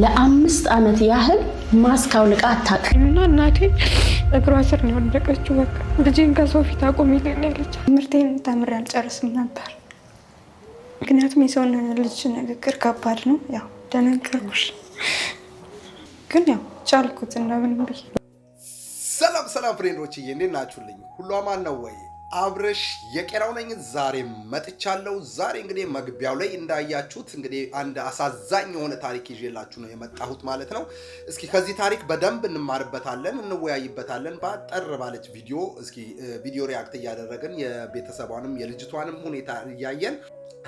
ለአምስት ዓመት ያህል ማስክ አውልቃ አታውቅም እና እናቴ እግሯ ስር ነው የወደቀችው። በቃ ልጄን ከሰው ፊት አቁም ይለን ያለች። ትምህርቴን ተምሬ አልጨርስም ነበር፣ ምክንያቱም የሰውን ልጅ ንግግር ከባድ ነው። ያው ደነገርኩሽ፣ ግን ያው ቻልኩት እና ምንም ሰላም ሰላም ፍሬንዶች እንዴት ናችሁልኝ? ሁሉ አማን ነው ወይ? አብርሽ የቄራው ነኝ። ዛሬ መጥቻለሁ። ዛሬ እንግዲህ መግቢያው ላይ እንዳያችሁት እንግዲህ አንድ አሳዛኝ የሆነ ታሪክ ይዤላችሁ ነው የመጣሁት ማለት ነው። እስኪ ከዚህ ታሪክ በደንብ እንማርበታለን፣ እንወያይበታለን። በአጠር ባለች ቪዲዮ እስኪ ቪዲዮ ሪያክት እያደረግን የቤተሰቧንም የልጅቷንም ሁኔታ እያየን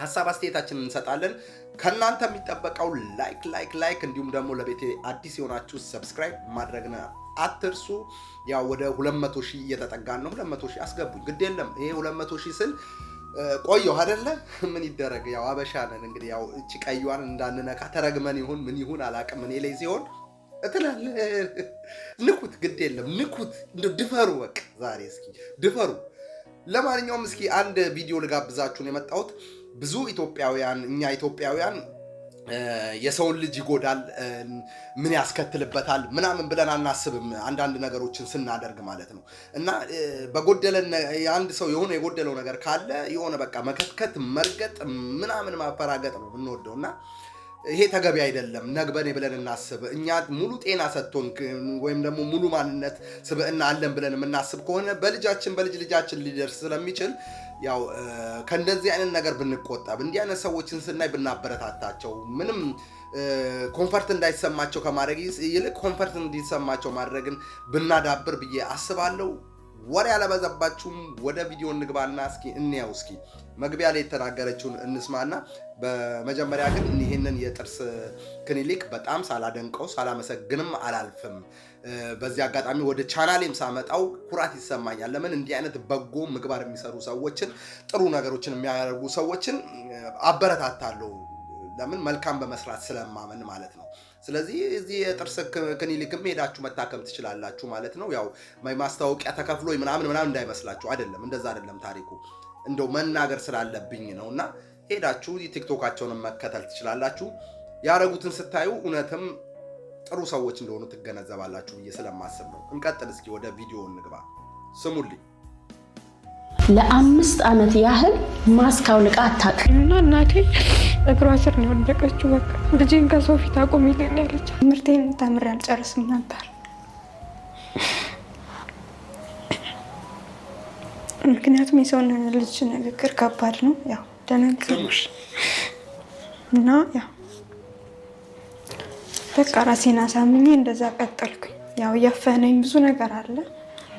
ሀሳብ አስተያየታችንን እንሰጣለን። ከእናንተ የሚጠበቀው ላይክ ላይክ ላይክ፣ እንዲሁም ደግሞ ለቤቴ አዲስ የሆናችሁ ሰብስክራይብ ማድረግ ነው። አትርሱ። ያው ወደ 200 ሺህ እየተጠጋን ነው። 200 ሺህ አስገቡኝ፣ ግድ የለም ይሄ 200 ሺህ ስል ቆየሁ አይደለ? ምን ይደረግ ያው አበሻ ነን እንግዲህ። ያው እቺ ቀዩዋን እንዳንነካ ተረግመን ይሁን ምን ይሁን አላቅም። እኔ ላይ ሲሆን እትላለህ ንኩት፣ ግድ የለም ንኩት። ድፈሩ፣ በቃ ዛሬ እስኪ ድፈሩ። ለማንኛውም እስኪ አንድ ቪዲዮ ልጋብዛችሁን የመጣሁት ብዙ ኢትዮጵያውያን እኛ ኢትዮጵያውያን የሰውን ልጅ ይጎዳል፣ ምን ያስከትልበታል ምናምን ብለን አናስብም። አንዳንድ ነገሮችን ስናደርግ ማለት ነው እና በጎደለን የአንድ ሰው የሆነ የጎደለው ነገር ካለ የሆነ በቃ መከትከት፣ መርገጥ፣ ምናምን ማፈራገጥ ነው የምንወደው እና ይሄ ተገቢ አይደለም። ነግበኔ ብለን እናስብ። እኛ ሙሉ ጤና ሰጥቶን ወይም ደግሞ ሙሉ ማንነት ስብዕና አለን ብለን የምናስብ ከሆነ በልጃችን በልጅ ልጃችን ሊደርስ ስለሚችል ያው ከእንደዚህ አይነት ነገር ብንቆጠብ፣ እንዲህ አይነት ሰዎችን ስናይ ብናበረታታቸው፣ ምንም ኮንፈርት እንዳይሰማቸው ከማድረግ ይልቅ ኮንፈርት እንዲሰማቸው ማድረግን ብናዳብር ብዬ አስባለሁ። ወሬ ያለበዛባችሁም ወደ ቪዲዮ እንግባና እስኪ እንያው እስኪ መግቢያ ላይ የተናገረችውን እንስማና በመጀመሪያ ግን ይህንን የጥርስ ክሊኒክ በጣም ሳላደንቀው ሳላመሰግንም አላልፍም። በዚህ አጋጣሚ ወደ ቻናሌም ሳመጣው ኩራት ይሰማኛል። ለምን እንዲህ አይነት በጎ ምግባር የሚሰሩ ሰዎችን፣ ጥሩ ነገሮችን የሚያደርጉ ሰዎችን አበረታታለሁ። ለምን መልካም በመስራት ስለማመን ማለት ነው። ስለዚህ እዚህ የጥርስ ክሊኒክም ሄዳችሁ መታከም ትችላላችሁ ማለት ነው። ያው ማስታወቂያ ተከፍሎ ምናምን ምናምን እንዳይመስላችሁ አይደለም፣ እንደዛ አይደለም ታሪኩ እንደው መናገር ስላለብኝ ነው። እና ሄዳችሁ ቲክቶካቸውንም መከተል ትችላላችሁ። ያደረጉትን ስታዩ እውነትም ጥሩ ሰዎች እንደሆኑ ትገነዘባላችሁ ብዬ ስለማስብ ነው። እንቀጥል፣ እስኪ ወደ ቪዲዮ እንግባ። ስሙልኝ። ለአምስት ዓመት ያህል ማስክ አውልቃ አታውቅም እና እናቴ እግሯ ስር ነው የወደቀችው። በቃ ልጄን ከሰው ፊት አቁም ያለች። ትምህርቴን ተምሬ አልጨርስም ነበር ምክንያቱም የሰውን ልጅ ንግግር ከባድ ነው። ያው ደነገርኩሽ እና ያው በቃ ራሴን አሳምኜ እንደዛ ቀጠልኩኝ። ያው እያፈነኝ ብዙ ነገር አለ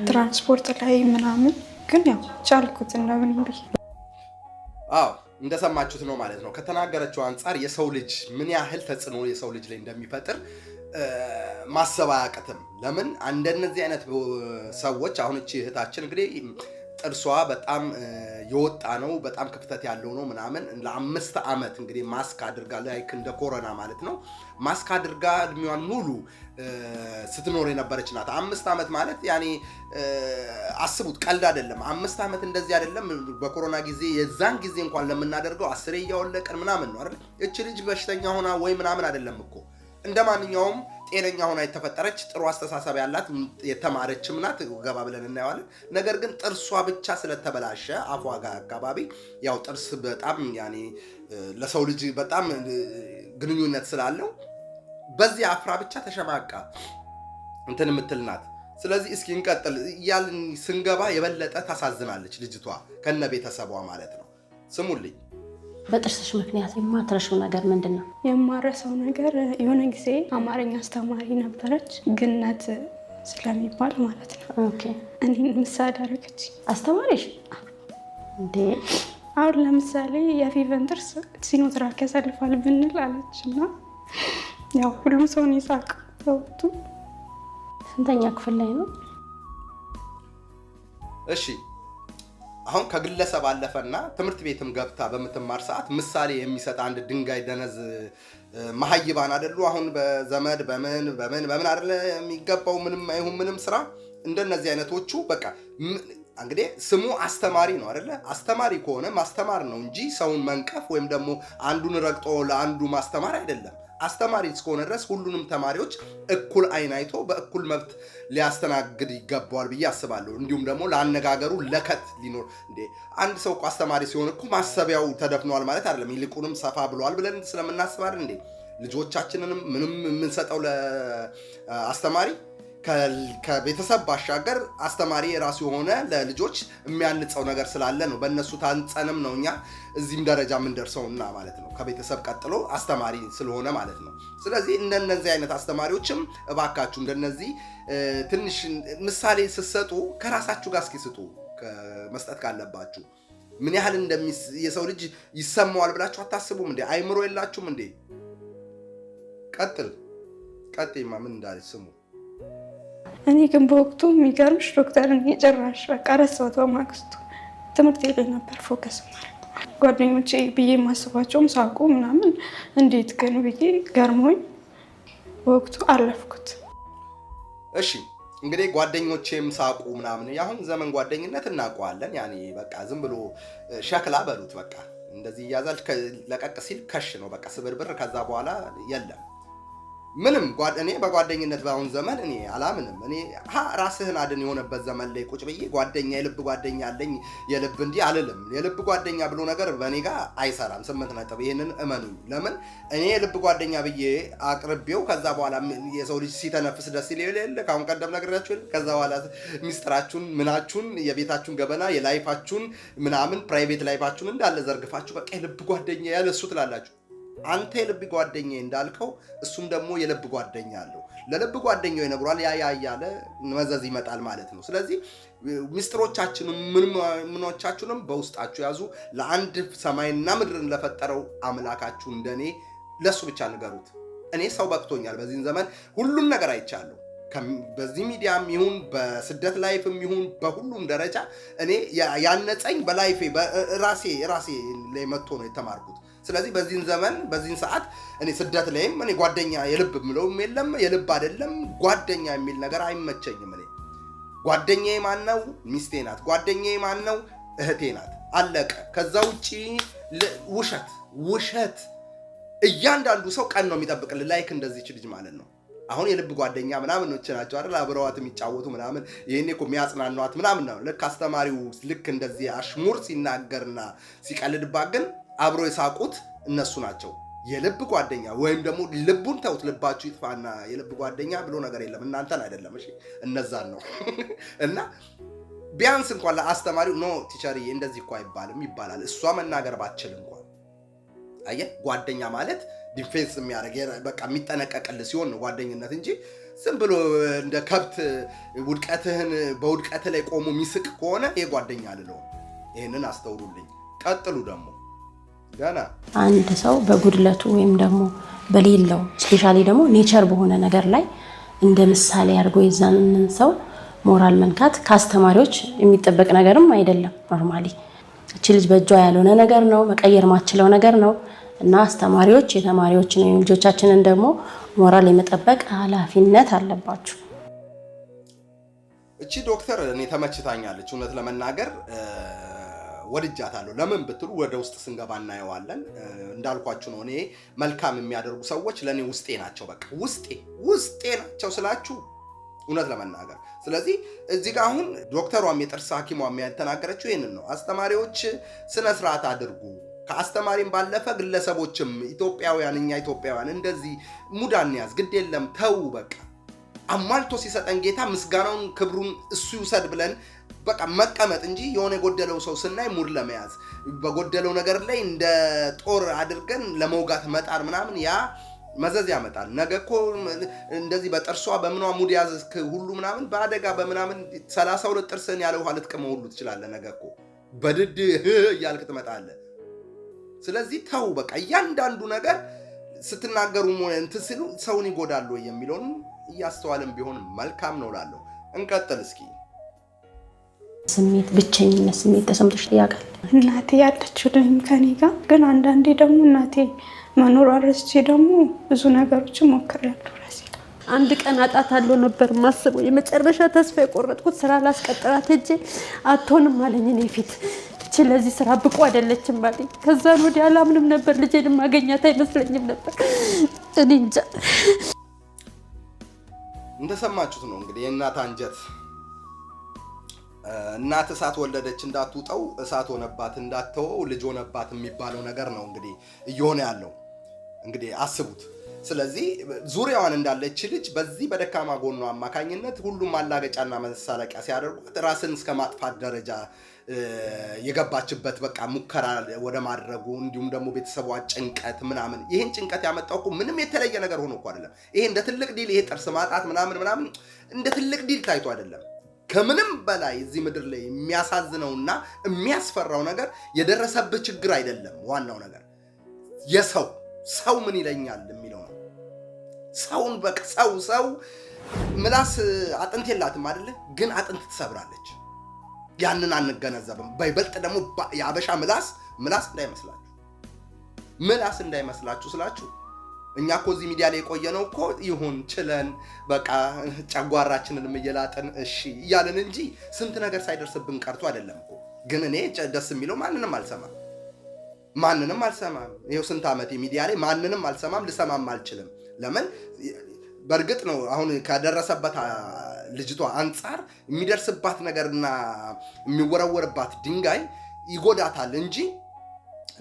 ትራንስፖርት ላይ ምናምን ግን ያው ቻልኩት እና ምንም ብዬ አዎ እንደሰማችሁት ነው ማለት ነው። ከተናገረችው አንጻር የሰው ልጅ ምን ያህል ተጽዕኖ የሰው ልጅ ላይ እንደሚፈጥር ማሰብ አያቅትም። ለምን እንደነዚህ አይነት ሰዎች አሁን እቺ እህታችን እንግዲህ ጥርሷ በጣም የወጣ ነው፣ በጣም ክፍተት ያለው ነው ምናምን። ለአምስት ዓመት እንግዲህ ማስክ አድርጋ ላይክ እንደ ኮሮና ማለት ነው ማስክ አድርጋ እድሜዋን ሙሉ ስትኖር የነበረች ናት። አምስት ዓመት ማለት ያኔ አስቡት፣ ቀልድ አይደለም። አምስት ዓመት እንደዚህ አይደለም። በኮሮና ጊዜ የዛን ጊዜ እንኳን ለምናደርገው አስሬ እያወለቀን ምናምን ነው አይደል? እች ልጅ በሽተኛ ሆና ወይ ምናምን አይደለም እኮ እንደ ማንኛውም ጤነኛ ሆና የተፈጠረች ጥሩ አስተሳሰብ ያላት የተማረችም ናት። ገባ ብለን እናየዋለን። ነገር ግን ጥርሷ ብቻ ስለተበላሸ አፏ ጋር አካባቢ ያው ጥርስ በጣም ያኔ ለሰው ልጅ በጣም ግንኙነት ስላለው በዚህ አፍራ ብቻ ተሸማቃ እንትን የምትልናት። ስለዚህ እስኪ እንቀጥል እያልን ስንገባ የበለጠ ታሳዝናለች ልጅቷ ከነ ቤተሰቧ ማለት ነው። ስሙልኝ፣ በጥርስሽ ምክንያት የማትረሽው ነገር ምንድን ነው? የማረሰው ነገር የሆነ ጊዜ አማርኛ አስተማሪ ነበረች፣ ግነት ስለሚባል ማለት ነው። እኔን ምሳ ዳረገች አስተማሪሽ እንዴ አሁን ለምሳሌ የፊቨን ጥርስ ሲኖትራክ ያሳልፋል ብንል አለች እና ያው ሁሉም ነው ይሳቅ። ያውቱ ስንተኛ ክፍል ላይ ነው? እሺ አሁን ከግለሰብ አለፈና ትምህርት ቤትም ገብታ በምትማር ሰዓት ምሳሌ የሚሰጥ አንድ ድንጋይ ደነዝ መሀይባን አይደሉ? አሁን በዘመድ በምን በምን በምን አይደለ የሚገባው ምንም አይሁን ምንም ስራ እንደነዚህ አይነቶቹ በቃ እንግዲህ ስሙ አስተማሪ ነው አይደለ? አስተማሪ ከሆነ ማስተማር ነው እንጂ ሰውን መንቀፍ ወይም ደግሞ አንዱን ረግጦ ለአንዱ ማስተማር አይደለም። አስተማሪ እስከሆነ ድረስ ሁሉንም ተማሪዎች እኩል አይን አይቶ በእኩል መብት ሊያስተናግድ ይገባዋል ብዬ አስባለሁ። እንዲሁም ደግሞ ለአነጋገሩ ለከት ሊኖር እንዴ አንድ ሰው እኮ አስተማሪ ሲሆን እኮ ማሰቢያው ተደፍኗል ማለት አይደለም። ይልቁንም ሰፋ ብለዋል ብለን ስለምናስባል እንዴ ልጆቻችንንም ምንም የምንሰጠው ለአስተማሪ ከቤተሰብ ባሻገር አስተማሪ የራሱ የሆነ ለልጆች የሚያንጸው ነገር ስላለ ነው። በእነሱ ታንጸንም ነው እኛ እዚህም ደረጃ የምንደርሰው እና ማለት ነው ከቤተሰብ ቀጥሎ አስተማሪ ስለሆነ ማለት ነው። ስለዚህ እንደነዚህ አይነት አስተማሪዎችም እባካችሁ እንደነዚህ ትንሽ ምሳሌ ስትሰጡ ከራሳችሁ ጋር እስኪ ስጡ መስጠት ካለባችሁ ምን ያህል የሰው ልጅ ይሰማዋል ብላችሁ አታስቡም እንዴ? አይምሮ የላችሁም እንዴ? ቀጥል ቀጤማ ምን እንዳለች ስሙ። እኔ ግን በወቅቱ የሚገርምሽ ዶክተርን የጨራሽ በቃ ረሳሁት። በማግስቱ ትምህርት ላይ ነበር ፎከስ ማረ ጓደኞቼ ብዬ የማስባቸውም ሳቁ ምናምን እንዴት ግን ብዬ ገርሞኝ በወቅቱ አለፍኩት። እሺ እንግዲህ ጓደኞቼም ሳቁ ምናምን። የአሁን ዘመን ጓደኝነት እናውቀዋለን። ያኔ በቃ ዝም ብሎ ሸክላ በሉት በቃ እንደዚህ እያዛል ለቀቅ ሲል ከሽ ነው በቃ ስብርብር። ከዛ በኋላ የለም ምንም እኔ በጓደኝነት በአሁን ዘመን እኔ አላምንም። እኔ ራስህን አድን የሆነበት ዘመን ላይ ቁጭ ብዬ ጓደኛ የልብ ጓደኛ አለኝ የልብ እንዲህ አልልም። የልብ ጓደኛ ብሎ ነገር በእኔ ጋር አይሰራም። ስምንት ነጥብ። ይህንን እመኑ። ለምን እኔ የልብ ጓደኛ ብዬ አቅርቤው ከዛ በኋላ የሰው ልጅ ሲተነፍስ ደስ ይል የለ ከአሁን ቀደም ነግሬያችሁን። ከዛ በኋላ ሚስጥራችሁን፣ ምናችሁን፣ የቤታችሁን ገበና፣ የላይፋችሁን ምናምን ፕራይቬት ላይፋችሁን እንዳለ ዘርግፋችሁ በቃ የልብ ጓደኛ ያለሱ ትላላችሁ። አንተ የልብ ጓደኛ እንዳልከው እሱም ደግሞ የልብ ጓደኛ አለው። ለልብ ጓደኛው ይነግሯል። ያ ያ እያለ መዘዝ ይመጣል ማለት ነው። ስለዚህ ምስጢሮቻችንም ምኖቻችሁንም በውስጣችሁ ያዙ። ለአንድ ሰማይና ምድርን ለፈጠረው አምላካችሁ እንደኔ ለእሱ ብቻ ንገሩት። እኔ ሰው በቅቶኛል። በዚህን ዘመን ሁሉም ነገር አይቻለሁ። በዚህ ሚዲያም ይሁን በስደት ላይፍም ይሁን በሁሉም ደረጃ እኔ ያነፀኝ በላይፌ ራሴ ራሴ ላይ መጥቶ ነው የተማርኩት። ስለዚህ በዚህን ዘመን በዚህን ሰዓት እኔ ስደት ላይም እኔ ጓደኛ የልብ የምለውም የለም የልብ አይደለም ጓደኛ የሚል ነገር አይመቸኝም። እኔ ጓደኛዬ ማን ነው? ሚስቴ ናት። ጓደኛዬ ማን ነው? እህቴ ናት። አለቀ። ከዛ ውጭ ውሸት ውሸት። እያንዳንዱ ሰው ቀን ነው የሚጠብቅልን ላይክ እንደዚች ልጅ ማለት ነው አሁን የልብ ጓደኛ ምናምን ኖች ናቸው አይደል? አብረዋት የሚጫወቱ ምናምን ይህኔ እኮ የሚያጽናኗት ምናምን ነው። ልክ አስተማሪው ልክ እንደዚህ አሽሙር ሲናገርና ሲቀልድባት ግን አብሮ የሳቁት እነሱ ናቸው። የልብ ጓደኛ ወይም ደግሞ ልቡን ተውት፣ ልባችሁ ይጥፋና የልብ ጓደኛ ብሎ ነገር የለም። እናንተን አይደለም፣ እሺ፣ እነዛን ነው። እና ቢያንስ እንኳን ለአስተማሪው ኖ ቲቸር፣ እንደዚህ እኮ አይባልም ይባላል፣ እሷ መናገር ባችል እንኳን። አየህ፣ ጓደኛ ማለት ዲፌንስ የሚያደርግ በቃ የሚጠነቀቅል ሲሆን ነው ጓደኝነት እንጂ ዝም ብሎ እንደ ከብት ውድቀትህን በውድቀት ላይ ቆሞ የሚስቅ ከሆነ ይህ ጓደኛ አልለውም። ይህንን አስተውሉልኝ። ቀጥሉ ደግሞ አንድ ሰው በጉድለቱ ወይም ደግሞ በሌለው ስፔሻሊ ደግሞ ኔቸር በሆነ ነገር ላይ እንደ ምሳሌ አድርጎ የዛንን ሰው ሞራል መንካት ከአስተማሪዎች የሚጠበቅ ነገርም አይደለም። ኖርማሊ እቺ ልጅ በእጇ ያልሆነ ነገር ነው፣ መቀየር ማችለው ነገር ነው እና አስተማሪዎች የተማሪዎችን ወይም ልጆቻችንን ደግሞ ሞራል የመጠበቅ ኃላፊነት አለባችሁ። እቺ ዶክተር እኔ ተመችታኛለች እውነት ለመናገር ወድጃታለሁ። ለምን ብትሉ ወደ ውስጥ ስንገባ እናየዋለን። እንዳልኳችሁ ነው። እኔ መልካም የሚያደርጉ ሰዎች ለእኔ ውስጤ ናቸው። በቃ ውስጤ ውስጤ ናቸው ስላችሁ እውነት ለመናገር ስለዚህ እዚህ ጋር አሁን ዶክተሯም የጥርስ ሐኪሟም የተናገረችው ይህንን ነው። አስተማሪዎች ስነ ስርዓት አድርጉ። ከአስተማሪም ባለፈ ግለሰቦችም ኢትዮጵያውያን፣ እኛ ኢትዮጵያውያን እንደዚህ ሙዳን ያዝ ግድ የለም ተው በቃ አሟልቶ ሲሰጠን ጌታ ምስጋናውን ክብሩን እሱ ይውሰድ ብለን በቃ መቀመጥ እንጂ የሆነ የጎደለው ሰው ስናይ ሙድ ለመያዝ በጎደለው ነገር ላይ እንደ ጦር አድርገን ለመውጋት መጣር ምናምን ያ መዘዝ ያመጣል። ነገ እኮ እንደዚህ በጥርሷ በምኗ ሙድ ያዘዝ ሁሉ ምናምን በአደጋ በምናምን ሰላሳ ሁለት ጥርስን ያለ ውሃ ልትቅመው ሁሉ ትችላለ። ነገ እኮ በድድ እያልክ ትመጣለ። ስለዚህ ተው በቃ እያንዳንዱ ነገር ስትናገሩ ሆነ እንትን ሲሉ ሰውን ይጎዳሉ የሚለውን እያስተዋልን ቢሆን መልካም ነው እላለሁ። እንቀጥል እስኪ። ስሜት ብቸኝነት ስሜት ተሰምቶች ያውቃል? እናቴ ያለችልኝ ከኔ ጋር ግን አንዳንዴ ደግሞ እናቴ መኖር ረስቼ ደግሞ ብዙ ነገሮችን ሞክሬያለሁ። አንድ ቀን አጣታለሁ ነበር ማስበው። የመጨረሻ ተስፋ የቆረጥኩት ስራ ላስቀጥራት ሄጄ አትሆንም አለኝ እኔ ፊት ይቺ ለዚህ ስራ ብቁ አይደለችም አለኝ። ከዛን ወዲያ አላምንም ነበር። ልጄን ማገኛት አይመስለኝም ነበር። እኔ እንጃ። እንደሰማችሁት ነው እንግዲህ የእናት አንጀት እናት እሳት ወለደች እንዳትውጠው እሳት ሆነባት እንዳትተወው ልጅ ሆነባት የሚባለው ነገር ነው እንግዲህ እየሆነ ያለው እንግዲህ አስቡት። ስለዚህ ዙሪያዋን እንዳለች ልጅ በዚህ በደካማ ጎኗ አማካኝነት ሁሉም ማላገጫና መሳለቂያ ሲያደርጉት ራስን እስከ ማጥፋት ደረጃ የገባችበት በቃ ሙከራ ወደ ማድረጉ እንዲሁም ደግሞ ቤተሰቧ ጭንቀት ምናምን ይህን ጭንቀት ያመጣው እኮ ምንም የተለየ ነገር ሆኖ እኮ አይደለም። ይሄ እንደ ትልቅ ዲል ይሄ ጥርስ ማጣት ምናምን ምናምን እንደ ትልቅ ዲል ታይቶ አይደለም። ከምንም በላይ እዚህ ምድር ላይ የሚያሳዝነውና የሚያስፈራው ነገር የደረሰብህ ችግር አይደለም። ዋናው ነገር የሰው ሰው ምን ይለኛል የሚለው ነው። ሰውን በቃ ሰው ሰው ምላስ አጥንት የላትም አይደለ? ግን አጥንት ትሰብራለች። ያንን አንገነዘብም። በይበልጥ ደግሞ የአበሻ ምላስ ምላስ እንዳይመስላችሁ ምላስ እንዳይመስላችሁ ስላችሁ እኛ እኮ እዚህ ሚዲያ ላይ የቆየነው ነው እኮ ይሁን ችለን በቃ ጨጓራችንን እየላጥን እሺ እያለን እንጂ ስንት ነገር ሳይደርስብን ቀርቶ አይደለም እኮ። ግን እኔ ደስ የሚለው ማንንም አልሰማም፣ ማንንም አልሰማም። ይኸው ስንት ዓመት ሚዲያ ላይ ማንንም አልሰማም፣ ልሰማም አልችልም። ለምን? በእርግጥ ነው አሁን ከደረሰበት ልጅቷ አንጻር የሚደርስባት ነገርና የሚወረወርባት ድንጋይ ይጎዳታል እንጂ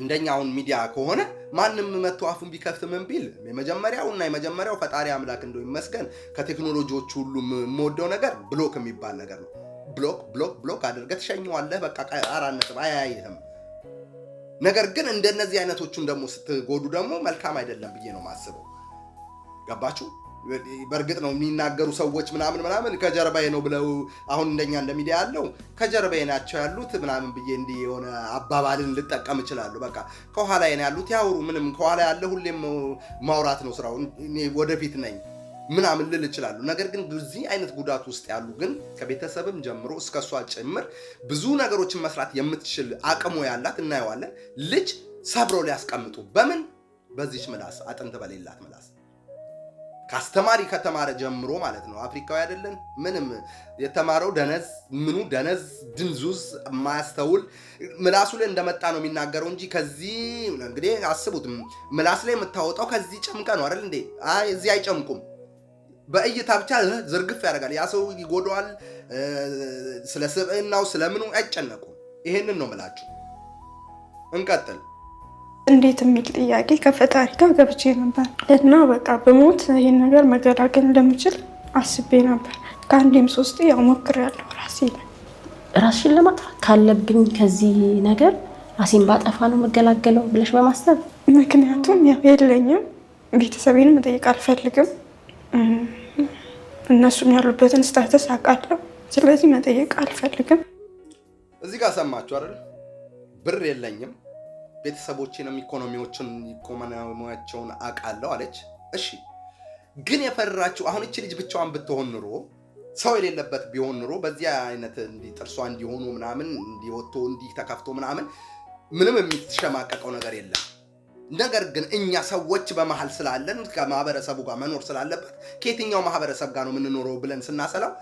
እንደኛውን ሚዲያ ከሆነ ማንም መጥቶ አፉን ቢከፍት ምን ቢል የመጀመሪያው እና የመጀመሪያው ፈጣሪ አምላክ እንደው ይመስገን ከቴክኖሎጂዎች ሁሉ የምወደው ነገር ብሎክ የሚባል ነገር ነው። ብሎክ ብሎክ ብሎክ አድርገህ ትሸኘዋለህ። በቃ ነጥብ አያይህም። ነገር ግን እንደነዚህ አይነቶቹን ደግሞ ስትጎዱ ደግሞ መልካም አይደለም ብዬ ነው ማስበው። ገባችሁ? በእርግጥ ነው የሚናገሩ ሰዎች ምናምን ምናምን ከጀርባዬ ነው ብለው አሁን እንደኛ እንደ ሚዲያ ያለው ከጀርባዬ ናቸው ያሉት ምናምን ብዬ እንዲህ የሆነ አባባልን ልጠቀም እችላለሁ። በቃ ከኋላ ነው ያሉት ያውሩ፣ ምንም ከኋላ ያለ ሁሌም ማውራት ነው ስራው፣ እኔ ወደፊት ነኝ ምናምን ልል እችላለሁ። ነገር ግን በዚህ አይነት ጉዳት ውስጥ ያሉ ግን ከቤተሰብም ጀምሮ እስከ እሷ ጭምር ብዙ ነገሮችን መስራት የምትችል አቅሙ ያላት እናየዋለን ልጅ ሰብረው ሊያስቀምጡ በምን በዚች ምላስ አጥንት በሌላት ምላስ ከአስተማሪ ከተማረ ጀምሮ ማለት ነው። አፍሪካዊ አይደለን? ምንም የተማረው ደነዝ ምኑ ደነዝ ድንዙዝ ማያስተውል ምላሱ ላይ እንደመጣ ነው የሚናገረው እንጂ ከዚህ እንግዲህ አስቡት፣ ምላስ ላይ የምታወጣው ከዚህ ጨምቀ ነው አይደል እንዴ? እዚህ አይጨምቁም። በእይታ ብቻ ዝርግፍ ያደርጋል። ያ ሰው ይጎደዋል። ስለ ስብዕናው ስለምኑ አይጨነቁም። ይሄንን ነው ምላችሁ። እንቀጥል። እንዴት የሚል ጥያቄ ከፈጣሪ ጋር ገብቼ ነበር እና በቃ በሞት ይህን ነገር መገላገል እንደምችል አስቤ ነበር። ከአንዴም ሶስት ያው ሞክሬያለሁ። ራሴ ራስሽን ለማጥፋት ካለብኝ ከዚህ ነገር ራሴን ባጠፋ ነው መገላገለው ብለሽ በማሰብ ምክንያቱም ያው የለኝም፣ ቤተሰቤን መጠየቅ አልፈልግም፣ እነሱም ያሉበትን ስታተስ አውቃለሁ። ስለዚህ መጠየቅ አልፈልግም። እዚህ ጋር ሰማችሁ አይደል? ብር የለኝም ቤተሰቦችንም ኢኮኖሚዎችን ኢኮኖሚያቸውን አውቃለሁ አለች። እሺ ግን የፈራችው አሁን እቺ ልጅ ብቻዋን ብትሆን ኑሮ ሰው የሌለበት ቢሆን ኑሮ በዚያ አይነት እንዲህ ጥርሷ እንዲሆኑ ምናምን እንዲወጥቶ እንዲህ ተከፍቶ ምናምን ምንም የሚሸማቀቀው ነገር የለም። ነገር ግን እኛ ሰዎች በመሀል ስላለን ከማህበረሰቡ ጋር መኖር ስላለበት ከየትኛው ማህበረሰብ ጋር ነው የምንኖረው ብለን ስናሰላው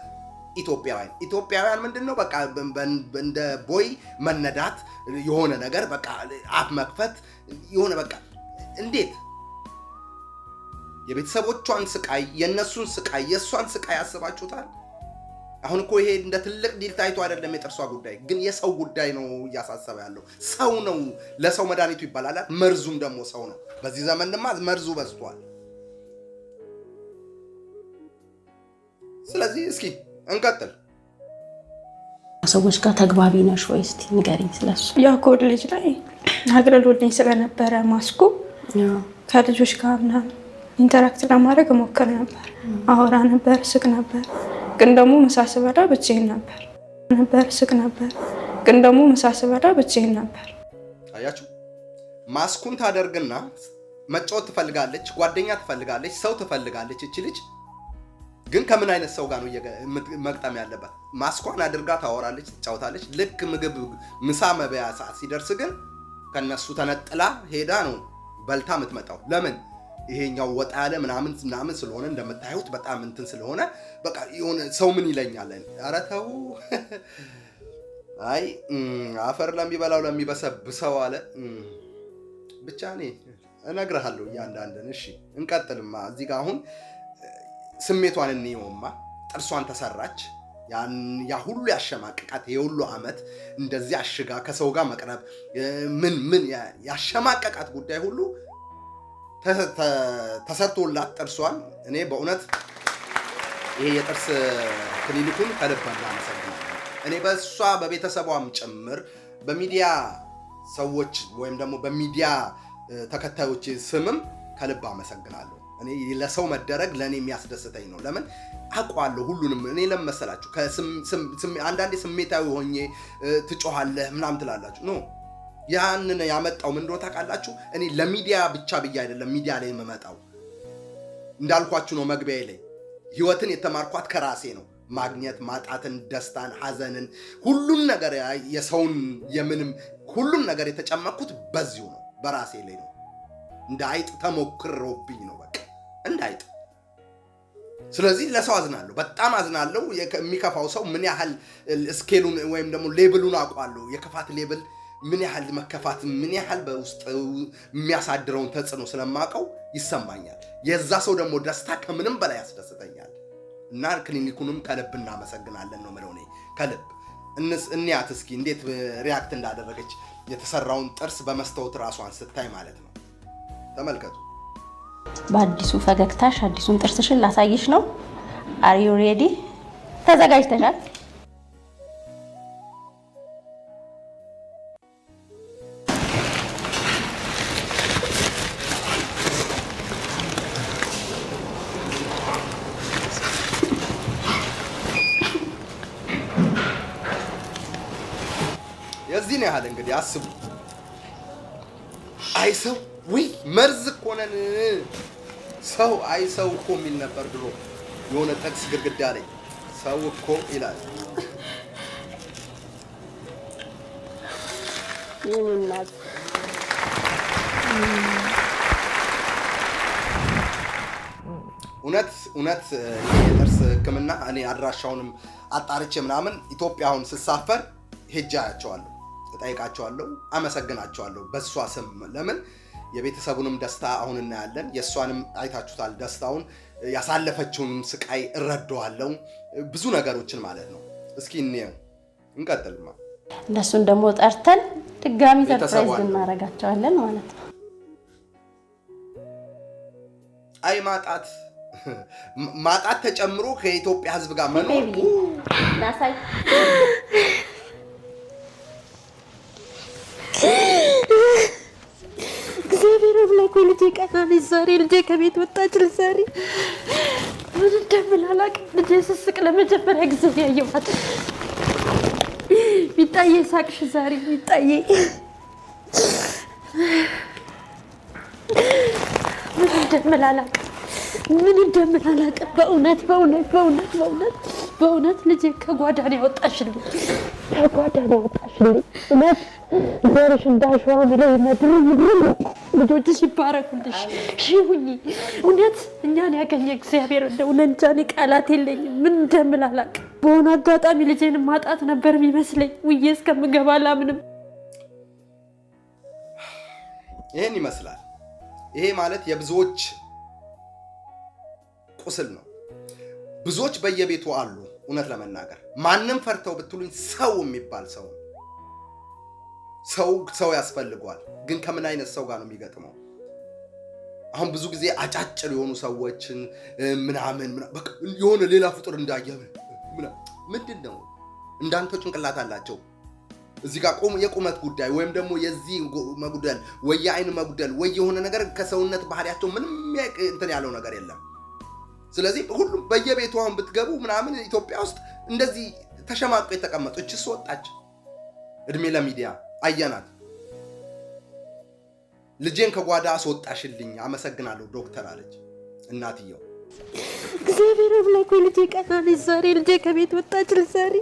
ኢትዮጵያውያን ኢትዮጵያውያን ምንድን ነው በቃ እንደ ቦይ መነዳት የሆነ ነገር በቃ አፍ መክፈት የሆነ በቃ እንዴት የቤተሰቦቿን ስቃይ የእነሱን ስቃይ የእሷን ስቃይ ያስባችሁታል? አሁን እኮ ይሄ እንደ ትልቅ ዲል ታይቶ አይደለም። የጥርሷ ጉዳይ ግን የሰው ጉዳይ ነው እያሳሰበ ያለው ሰው ነው። ለሰው መድኃኒቱ ይባላል። መርዙም ደግሞ ሰው ነው። በዚህ ዘመን ድማ መርዙ በዝቷል። ስለዚህ እስኪ እንቀጥል። ሰዎች ጋር ተግባቢ ነሽ ወይ? እስኪ ንገሪኝ ስለሱ። ያኮድ ልጅ ላይ አግለሎልኝ ስለነበረ ማስኩ ከልጆች ጋር ምናምን ኢንተራክት ለማድረግ ሞክር ነበር። አወራ ነበር፣ ስቅ ነበር። ግን ደግሞ ምሳ ስበላ ብቻዬን ነበር ነበር ስቅ ነበር። ግን ደግሞ ምሳ ስበላ ብቻዬን ነበር። አያችሁ ማስኩን ታደርግና መጫወት ትፈልጋለች፣ ጓደኛ ትፈልጋለች፣ ሰው ትፈልጋለች እች ልጅ ግን ከምን አይነት ሰው ጋር ነው መግጠም ያለባት? ማስኳን አድርጋ ታወራለች፣ ትጫውታለች። ልክ ምግብ ምሳ መበያ ሰዓት ሲደርስ ግን ከነሱ ተነጥላ ሄዳ ነው በልታ የምትመጣው። ለምን ይሄኛው ወጣ ያለ ምናምን ምናምን ስለሆነ እንደምታዩት በጣም እንትን ስለሆነ በቃ የሆነ ሰው ምን ይለኛል? ኧረ ተው አይ አፈር ለሚበላው ለሚበሰብሰው አለ። ብቻ እኔ እነግርሃለሁ እያንዳንድን። እሺ እንቀጥልማ እዚህ ጋር አሁን ስሜቷን እንየውማ። ጥርሷን ተሰራች። ያ ሁሉ ያሸማቀቃት የሁሉ ዓመት እንደዚህ አሽጋ ከሰው ጋር መቅረብ ምን ምን ያሸማቀቃት ጉዳይ ሁሉ ተሰርቶላት ጥርሷን። እኔ በእውነት ይሄ የጥርስ ክሊኒኩን ከልብ አመሰግናለሁ። እኔ በእሷ በቤተሰቧም ጭምር በሚዲያ ሰዎች ወይም ደግሞ በሚዲያ ተከታዮች ስምም ከልብ አመሰግናለሁ። እኔ ለሰው መደረግ ለእኔ የሚያስደስተኝ ነው። ለምን አውቀዋለሁ ሁሉንም። እኔ ለመሰላችሁ መሰላችሁ አንዳንዴ ስሜታዊ ሆኜ ትጮኋለህ ምናምን ትላላችሁ። ኖ ያንን ያመጣው ምን ታውቃላችሁ? እኔ ለሚዲያ ብቻ ብዬ አይደለም ሚዲያ ላይ የምመጣው እንዳልኳችሁ ነው። መግቢያ ላይ ህይወትን የተማርኳት ከራሴ ነው። ማግኘት ማጣትን፣ ደስታን፣ ሐዘንን ሁሉን ነገር የሰውን የምንም ሁሉም ነገር የተጨመኩት በዚሁ ነው፣ በራሴ ላይ ነው። እንደ አይጥ ተሞክሮብኝ ነው በቃ እንዳይጥ። ስለዚህ ለሰው አዝናለሁ፣ በጣም አዝናለሁ። የሚከፋው ሰው ምን ያህል ስኬሉን ወይም ደግሞ ሌብሉን አውቋለሁ። የክፋት ሌብል ምን ያህል መከፋት ምን ያህል በውስጥ የሚያሳድረውን ተጽዕኖ ስለማውቀው ይሰማኛል። የዛ ሰው ደግሞ ደስታ ከምንም በላይ ያስደስተኛል። እና ክሊኒኩንም ከልብ እናመሰግናለን ነው ምለው። እኔ ከልብ እንያት እስኪ እንዴት ሪያክት እንዳደረገች የተሰራውን ጥርስ በመስታወት ራሷን ስታይ ማለት ነው። ተመልከቱ። በአዲሱ ፈገግታሽ አዲሱን ጥርስሽን ላሳይሽ ነው። አር ዩ ሬዲ? ተዘጋጅተሻል? የዚህ ነው ያህል እንግዲህ አስቡ። አይ ሰው ውይ መርዝ እኮ ነን። ሰው አይ ሰው እኮ የሚል ነበር ድሮ የሆነ ጠቅስ ግድግዳ ላይ ሰው እኮ ይላል። እውነት እውነት የጥርስ ሕክምና እኔ አድራሻውንም አጣርቼ ምናምን ኢትዮጵያ አሁን ስሳፈር ሄጄ አያቸዋለሁ፣ እጠይቃቸዋለሁ፣ አመሰግናቸዋለሁ በእሷ ስም ለምን የቤተሰቡንም ደስታ አሁን እናያለን። የእሷንም አይታችሁታል ደስታውን፣ ያሳለፈችውንም ስቃይ እረዳዋለሁ። ብዙ ነገሮችን ማለት ነው። እስኪ እንየው፣ እንቀጥልማ። እነሱን ደግሞ ጠርተን ድጋሚ ሰርፕራይዝ እናደርጋቸዋለን ማለት ነው። አይ ማጣት ማጣት ተጨምሮ ከኢትዮጵያ ሕዝብ ጋር መኖር ልጄ ቀና ነች ዛሬ ልጄ ከቤት ወጣች። ዛሬ ምን እንደምን አላውቅም። ልጄ ስስቅ ለመጀመሪያ ጊዜ ያየኋት ሚጣዬ፣ ሳቅሽ ዛሬ ሚጣዬ፣ ምን እንደምን አላውቅም። ምን እንደምን አላውቅም። በእውነት በእውነት በእውነት በእውነት በእውነት ልጄ ከጓዳን ያወጣሽልኝ ከጓዳን ያወጣሽልኝ እውነት ዘርሽ እንዳሸዋ ብለው ምድሩ ነው ልጆችሽ ይባረኩልሽ። ይሁኝ እውነት እኛን ያገኘ እግዚአብሔር እንደ እኔ ቃላት የለኝም፣ ምን እንደምል አላውቅም። በሆነ አጋጣሚ ልጄን ማጣት ነበር የሚመስለኝ። ውዬ እስከምገባ አላምንም። ይህን ይመስላል። ይሄ ማለት የብዙዎች ቁስል ነው። ብዙዎች በየቤቱ አሉ። እውነት ለመናገር ማንም ፈርተው ብትሉኝ ሰው የሚባል ሰው ሰው ሰው ያስፈልጓል። ግን ከምን አይነት ሰው ጋር ነው የሚገጥመው? አሁን ብዙ ጊዜ አጫጭር የሆኑ ሰዎችን ምናምን የሆነ ሌላ ፍጡር እንዳየ ምንድን ነው እንዳንተ ጭንቅላት አላቸው። እዚህ ጋር የቁመት ጉዳይ ወይም ደግሞ የዚህ መጉደል ወይ የአይን መጉደል ወይ የሆነ ነገር ከሰውነት ባህሪያቸው ምንም እንትን ያለው ነገር የለም። ስለዚህ ሁሉም በየቤቱ አሁን ብትገቡ ምናምን ኢትዮጵያ ውስጥ እንደዚህ ተሸማቆ የተቀመጡ እችስ ወጣች እድሜ ለሚዲያ አየናት። ልጄን ከጓዳ አስወጣሽልኝ አመሰግናለሁ ዶክተር አለች እናትየው። እግዚአብሔር አምላክ ልጄ ቀና ነች ዛሬ። ልጄ ከቤት ወጣች። ዛሬ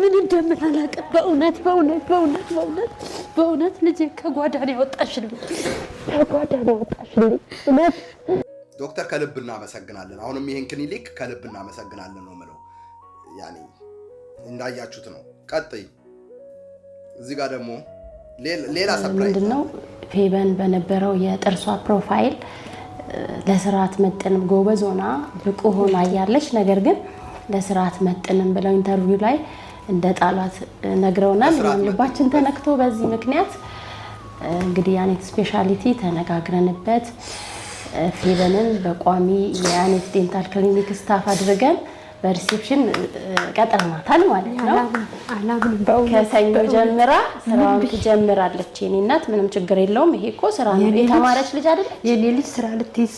ምን እንደምን አላውቅም። በእውነት በእውነት በእውነት በእውነት በእውነት ልጄ ከጓዳ ነው ያወጣሽልኝ፣ ከጓዳ ነው ያወጣሽልኝ። እውነት ዶክተር ከልብ እናመሰግናለን። አሁንም ይህን ክሊኒክ ከልብ እናመሰግናለን ነው የምለው። ያኔ እንዳያችሁት ነው። ቀጥይ እዚህ ጋር ደግሞ ሌላ ሰርፕራይዝ ነው ፌበን በነበረው የጥርሷ ፕሮፋይል ለስራ አትመጥንም፣ ጎበዝ ሆና ብቁ ሆና እያለች ነገር ግን ለስራ አትመጥንም ብለው ኢንተርቪው ላይ እንደ ጣሏት ነግረውናል። ልባችን ተነክቶ በዚህ ምክንያት እንግዲህ የአኔት ስፔሻሊቲ ተነጋግረንበት ፌበንን በቋሚ የአኔት ዴንታል ክሊኒክ ስታፍ አድርገን በሪሴፕሽን ቀጥረናታል ማለት ነው። ከሰኞ ጀምራ ስራውን ትጀምራለች። የኔ እናት ምንም ችግር የለውም። ይሄ እኮ ስራ ነው። የተማረች ልጅ አይደለች። የኔ ልጅ ስራ ልትይዝ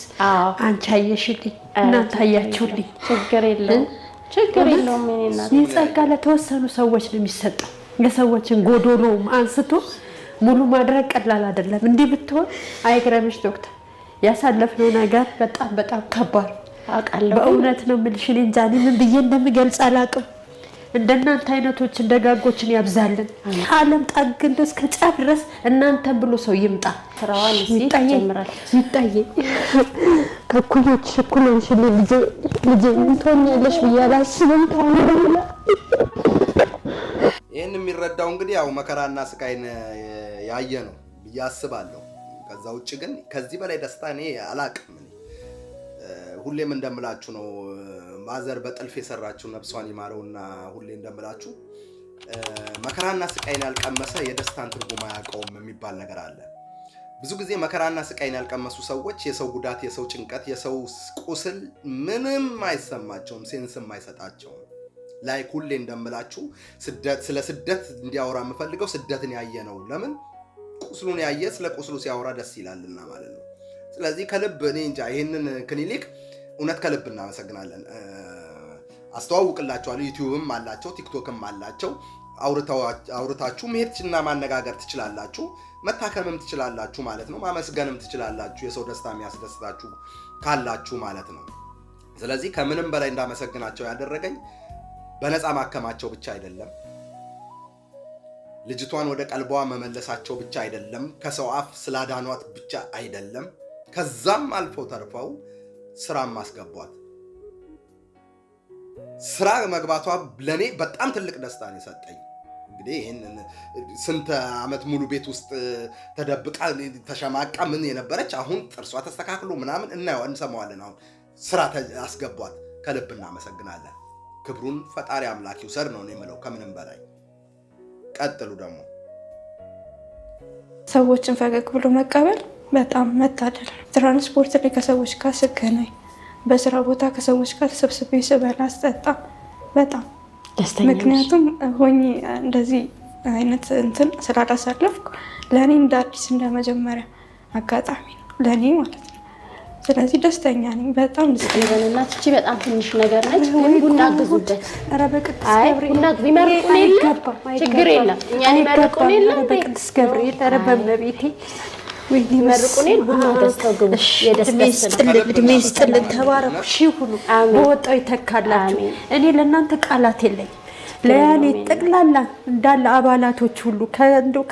አንቺ አየሽልኝ፣ እናንተ አያችሁልኝ። ችግር የለውም፣ ችግር የለውም። የኔ እናት ይህ ጸጋ ለተወሰኑ ሰዎች ነው የሚሰጠው። የሰዎችን ጎዶሎ አንስቶ ሙሉ ማድረግ ቀላል አይደለም። እንዲህ ብትሆን አይግረምሽ ዶክተር፣ ያሳለፍነው ነገር በጣም በጣም ከባድ በእውነት ነው የምልሽ። እኔ እንጃ እኔ ምን ብዬ እንደምገልጽ አላውቅም። እንደናንተ አይነቶች እንደ ጋጎችን ያብዛልን። ዓለም ጠግ እንደው እስከ ጫፍ ድረስ እናንተ ብሎ ሰው ይምጣ። ስራዋን ይጀምራል። ይጣዬ ከኩሎች ኩሎች ልጄ ልጄ ትሆኛለሽ ብዬ አላስብም። ይህን የሚረዳው እንግዲህ ያው መከራና ስቃይን ያየ ነው ብዬ አስባለሁ። ከዛ ውጭ ግን ከዚህ በላይ ደስታ እኔ አላቅም። ሁሌም እንደምላችሁ ነው። ማዘር በጥልፍ የሰራችው ነብሷን ይማረውና ሁሌ እንደምላችሁ መከራና ስቃይን ያልቀመሰ የደስታን ትርጉም አያውቀውም የሚባል ነገር አለ። ብዙ ጊዜ መከራና ስቃይን ያልቀመሱ ሰዎች የሰው ጉዳት፣ የሰው ጭንቀት፣ የሰው ቁስል ምንም አይሰማቸውም፣ ሴንስም አይሰጣቸውም። ላይ ሁሌ እንደምላችሁ ስለ ስደት እንዲያወራ የምፈልገው ስደትን ያየ ነው። ለምን ቁስሉን ያየ ስለ ቁስሉ ሲያወራ ደስ ይላልና ማለት ነው። ስለዚህ ከልብ እኔ እንጃ ይህንን ክሊኒክ እውነት ከልብ እናመሰግናለን። አስተዋውቅላቸዋለሁ። ዩቲዩብም አላቸው፣ ቲክቶክም አላቸው። አውርታችሁ መሄድና ማነጋገር ትችላላችሁ፣ መታከምም ትችላላችሁ ማለት ነው። ማመስገንም ትችላላችሁ፣ የሰው ደስታ የሚያስደስታችሁ ካላችሁ ማለት ነው። ስለዚህ ከምንም በላይ እንዳመሰግናቸው ያደረገኝ በነፃ ማከማቸው ብቻ አይደለም፣ ልጅቷን ወደ ቀልቧ መመለሳቸው ብቻ አይደለም፣ ከሰው አፍ ስላዳኗት ብቻ አይደለም ከዛም አልፈው ተርፈው ስራም አስገቧት። ስራ መግባቷ ለእኔ በጣም ትልቅ ደስታ ነው የሰጠኝ። እንግዲህ ይህን ስንት ዓመት ሙሉ ቤት ውስጥ ተደብቃ ተሸማቃ ምን የነበረች አሁን ጥርሷ ተስተካክሎ ምናምን እናየዋለን፣ እንሰማዋለን። አሁን ስራ አስገቧት። ከልብ እናመሰግናለን። ክብሩን ፈጣሪ አምላክ ይውሰድ ነው የምለው ከምንም በላይ። ቀጥሉ ደግሞ ሰዎችን ፈገግ ብሎ መቀበል በጣም መታደል ትራንስፖርት ላይ ከሰዎች ጋር ስገናኝ፣ በስራ ቦታ ከሰዎች ጋር ተሰብስቤ ስበላ ስጠጣ በጣም ምክንያቱም ሆኜ እንደዚህ አይነት እንትን ስላላሳለፍኩ ለእኔ እንደ አዲስ እንደ መጀመሪያ አጋጣሚ ነው ለእኔ ማለት ነው። ስለዚህ ደስተኛ ነኝ። በጣም ልበልናት። እቺ በጣም ትንሽ ነገር ነች፣ ግን ቡና ግዙበት። ኧረ በቅድስት ገብርኤል ይመርቁን ችግር የለም እኛ ይመርቁን የለ በቅድስት ገብርኤል ኧረ በመቤቴ ይመርቁኔን ቡና ደስታው እድሜ ይስጥልን፣ ተባረኩ፣ ሺህ ሁኑ፣ በወጣው ይተካላችሁ። እኔ ለእናንተ ቃላት የለኝ። ለያኔ ጠቅላላ እንዳለ አባላቶች ሁሉ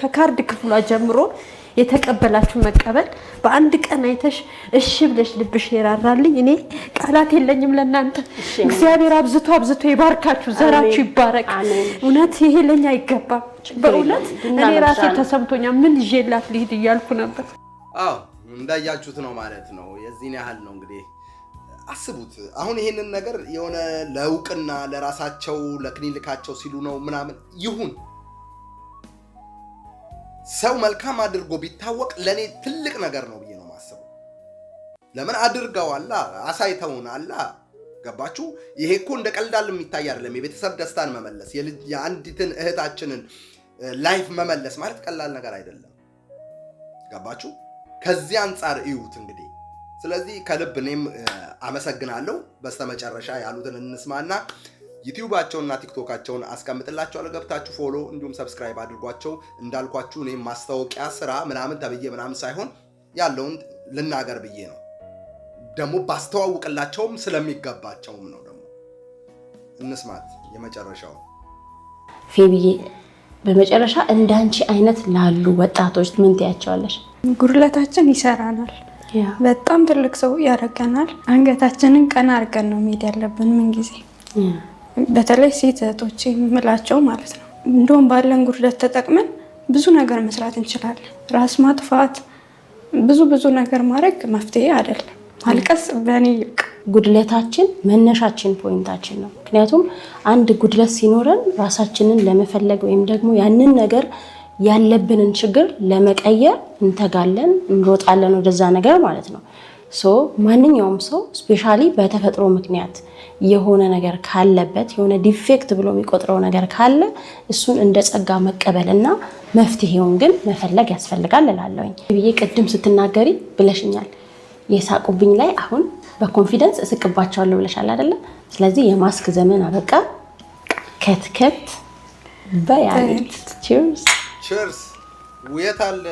ከካርድ ክፍሏ ጀምሮ የተቀበላችሁ መቀበል በአንድ ቀን አይተሽ እሺ ብለሽ ልብሽ ይራራልኝ እኔ ቃላት የለኝም ለእናንተ። እግዚአብሔር አብዝቶ አብዝቶ ይባርካችሁ፣ ዘራችሁ ይባረክ። እውነት ይሄ ለኛ አይገባም። በእውነት እኔ ራሴ ተሰምቶኛ ምን ይዤላት ልሂድ እያልኩ ነበር። አዎ እንዳያችሁት ነው ማለት ነው። የዚህን ያህል ነው እንግዲህ አስቡት። አሁን ይሄንን ነገር የሆነ ለእውቅና ለራሳቸው ለክሊኒካቸው ሲሉ ነው ምናምን ይሁን ሰው መልካም አድርጎ ቢታወቅ ለእኔ ትልቅ ነገር ነው ብዬ ነው ማስበው ለምን አድርገው አላ አሳይተውን አላ ገባችሁ? ይሄ እኮ እንደ ቀልዳል የሚታይ አይደለም። የቤተሰብ ደስታን መመለስ፣ የአንዲትን እህታችንን ላይፍ መመለስ ማለት ቀላል ነገር አይደለም። ገባችሁ? ከዚህ አንጻር እዩት እንግዲህ። ስለዚህ ከልብ እኔም አመሰግናለሁ። በስተመጨረሻ ያሉትን እንስማና ዩቲዩባቸውንና ቲክቶካቸውን አስቀምጥላቸዋለሁ። ገብታችሁ ፎሎ እንዲሁም ሰብስክራይብ አድርጓቸው። እንዳልኳችሁ እኔ ማስታወቂያ ስራ ምናምን ተብዬ ምናምን ሳይሆን ያለውን ልናገር ብዬ ነው። ደግሞ ባስተዋውቅላቸውም ስለሚገባቸውም ነው። ደግሞ እንስማት የመጨረሻው ፌብዬ በመጨረሻ እንዳንቺ አይነት ላሉ ወጣቶች ምን ትያቸዋለሽ? ጉድለታችን ይሰራናል፣ በጣም ትልቅ ሰው ያደርገናል። አንገታችንን ቀና አድርገን ነው መሄድ ያለብን ምን ጊዜ በተለይ ሴት እህቶች የምላቸው ማለት ነው። እንደውም ባለን ጉድለት ተጠቅመን ብዙ ነገር መስራት እንችላለን። ራስ ማጥፋት፣ ብዙ ብዙ ነገር ማድረግ መፍትሄ አይደለም። ማልቀስ በእኔ ጉድለታችን መነሻችን ፖይንታችን ነው። ምክንያቱም አንድ ጉድለት ሲኖረን ራሳችንን ለመፈለግ ወይም ደግሞ ያንን ነገር ያለብንን ችግር ለመቀየር እንተጋለን፣ እንሮጣለን ወደዛ ነገር ማለት ነው። ሶ ማንኛውም ሰው ስፔሻሊ በተፈጥሮ ምክንያት የሆነ ነገር ካለበት የሆነ ዲፌክት ብሎ የሚቆጥረው ነገር ካለ እሱን እንደ ጸጋ መቀበል እና መፍትሄውን ግን መፈለግ ያስፈልጋል እላለሁኝ ብዬ ቅድም ስትናገሪ ብለሽኛል። የሳቁብኝ ላይ አሁን በኮንፊደንስ እስቅባቸዋለሁ ብለሻል አይደለም? ስለዚህ የማስክ ዘመን አበቃ። ከትከት በያሌት ችርስ የት አለ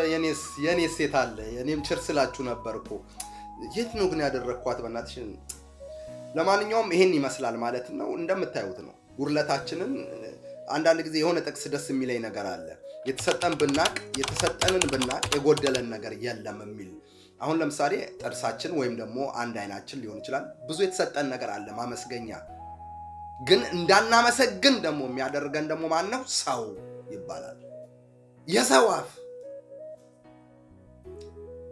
የኔ ሴት አለ። እኔም ችርስ ላችሁ ነበርኩ። እኮ የት ነው ግን ያደረግኳት? በእናትሽ ለማንኛውም ይሄን ይመስላል ማለት ነው። እንደምታዩት ነው ጉርለታችንን አንዳንድ ጊዜ የሆነ ጥቅስ ደስ የሚለኝ ነገር አለ። የተሰጠን ብናቅ የተሰጠንን ብናቅ የጎደለን ነገር የለም የሚል አሁን ለምሳሌ ጥርሳችን ወይም ደግሞ አንድ አይናችን ሊሆን ይችላል። ብዙ የተሰጠን ነገር አለ ማመስገኛ። ግን እንዳናመሰግን ደግሞ የሚያደርገን ደግሞ ማን ነው? ሰው ይባላል። የሰው አፍ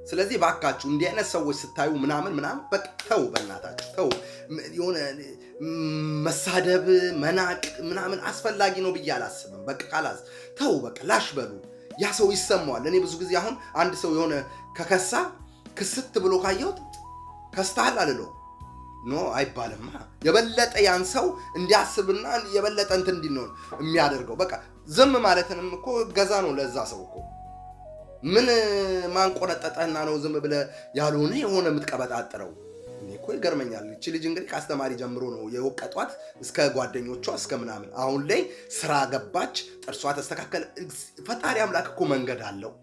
ስለዚህ ባካችሁ እንዲህ አይነት ሰዎች ስታዩ ምናምን ምናምን በቃ ተው፣ በእናታችሁ ተው። የሆነ መሳደብ መናቅ ምናምን አስፈላጊ ነው ብዬ አላስብም። በቃ ቃላዝ ተው፣ በቃ ላሽ በሉ። ያ ሰው ይሰማዋል። እኔ ብዙ ጊዜ አሁን አንድ ሰው የሆነ ከከሳ ክስት ብሎ ካየሁት ከስታል አልለው ኖ አይባልማ። የበለጠ ያን ሰው እንዲያስብና የበለጠ እንትን እንዲሆን የሚያደርገው በቃ ዝም ማለትንም እኮ ገዛ ነው ለዛ ሰው እኮ ምን ማንቆረጠጠህና ነው ዝም ብለህ ያልሆነ የሆነ የምትቀበጣጥረው? እኔ እኮ ይገርመኛል። እቺ ልጅ እንግዲህ ከአስተማሪ ጀምሮ ነው የወቀጧት እስከ ጓደኞቿ እስከ ምናምን፣ አሁን ላይ ስራ ገባች፣ ጥርሷ ተስተካከለ። ፈጣሪ አምላክ እኮ መንገድ አለው።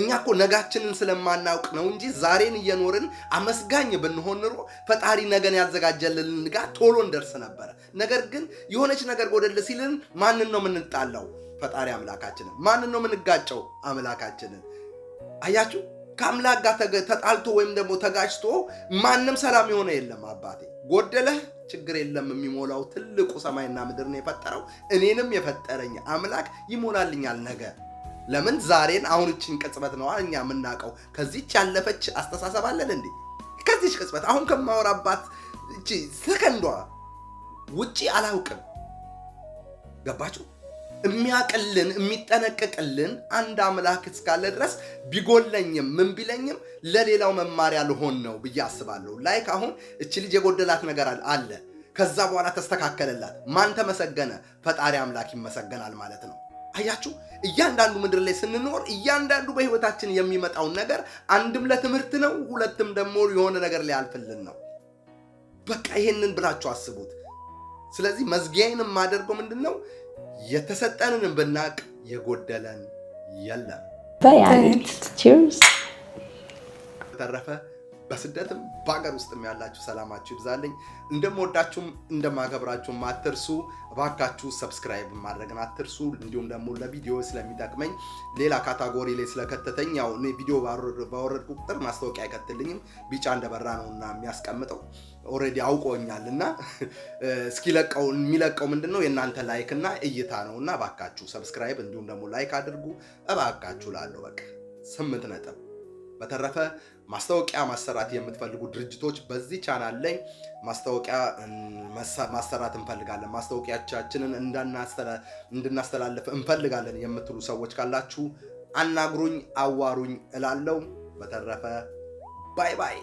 እኛ እኮ ነጋችንን ስለማናውቅ ነው እንጂ ዛሬን እየኖርን አመስጋኝ ብንሆን ኑሮ ፈጣሪ ነገን ያዘጋጀልን ጋር ቶሎ እንደርስ ነበረ። ነገር ግን የሆነች ነገር ጎደል ሲልን ማንን ነው የምንጣላው? ፈጣሪ አምላካችንን። ማን ነው የምንጋጨው? አምላካችንን። አያችሁ፣ ከአምላክ ጋር ተጣልቶ ወይም ደግሞ ተጋጭቶ ማንም ሰላም የሆነ የለም። አባቴ ጎደለህ ችግር የለም የሚሞላው ትልቁ ሰማይና ምድር ነው የፈጠረው እኔንም የፈጠረኝ አምላክ ይሞላልኛል ነገ ለምን ዛሬን አሁን እችን ቅጽበት ነዋ እኛ የምናውቀው። ከዚች ያለፈች አስተሳሰብ አለን እንዴ? ከዚች ቅጽበት አሁን ከማወራባት እቺ ሰከንዷ ውጪ አላውቅም። ገባችሁ? የሚያቅልን የሚጠነቀቅልን አንድ አምላክ እስካለ ድረስ ቢጎለኝም ምን ቢለኝም ለሌላው መማሪያ ልሆን ነው ብዬ አስባለሁ። ላይክ አሁን እች ልጅ የጎደላት ነገር አለ፣ ከዛ በኋላ ተስተካከለላት። ማን ተመሰገነ? ፈጣሪ አምላክ ይመሰገናል ማለት ነው። አያችሁ፣ እያንዳንዱ ምድር ላይ ስንኖር እያንዳንዱ በህይወታችን የሚመጣውን ነገር አንድም ለትምህርት ነው፣ ሁለትም ደግሞ የሆነ ነገር ሊያልፍልን ነው። በቃ ይሄንን ብላችሁ አስቡት። ስለዚህ መዝጊያዬን የማደርገው ምንድን ነው? የተሰጠንን ብናቅ የጎደለን የለም። በተረፈ በስደትም በሀገር ውስጥም ያላችሁ ሰላማችሁ ይብዛልኝ። እንደምወዳችሁም እንደማከብራችሁም አትርሱ። እባካችሁ ሰብስክራይብ ማድረግን አትርሱ። እንዲሁም ደግሞ ለቪዲዮ ስለሚጠቅመኝ ሌላ ካታጎሪ ላይ ስለከተተኝ ያው እኔ ቪዲዮ ባወረድኩ ቁጥር ማስታወቂያ አይከትልኝም። ቢጫ እንደበራ ነው እና የሚያስቀምጠው ኦልሬዲ አውቆኛል እና እስኪለቀው የሚለቀው ምንድን ነው የእናንተ ላይክ እና እይታ ነው እና እባካችሁ ሰብስክራይብ እንዲሁም ደግሞ ላይክ አድርጉ እባካችሁ ላለው በቃ ስምንት ነጥብ በተረፈ ማስታወቂያ ማሰራት የምትፈልጉ ድርጅቶች በዚህ ቻናል ላይ ማስታወቂያ ማሰራት እንፈልጋለን፣ ማስታወቂያቻችንን እንድናስተላልፍ እንፈልጋለን የምትሉ ሰዎች ካላችሁ አናግሩኝ፣ አዋሩኝ እላለሁ። በተረፈ ባይ ባይ።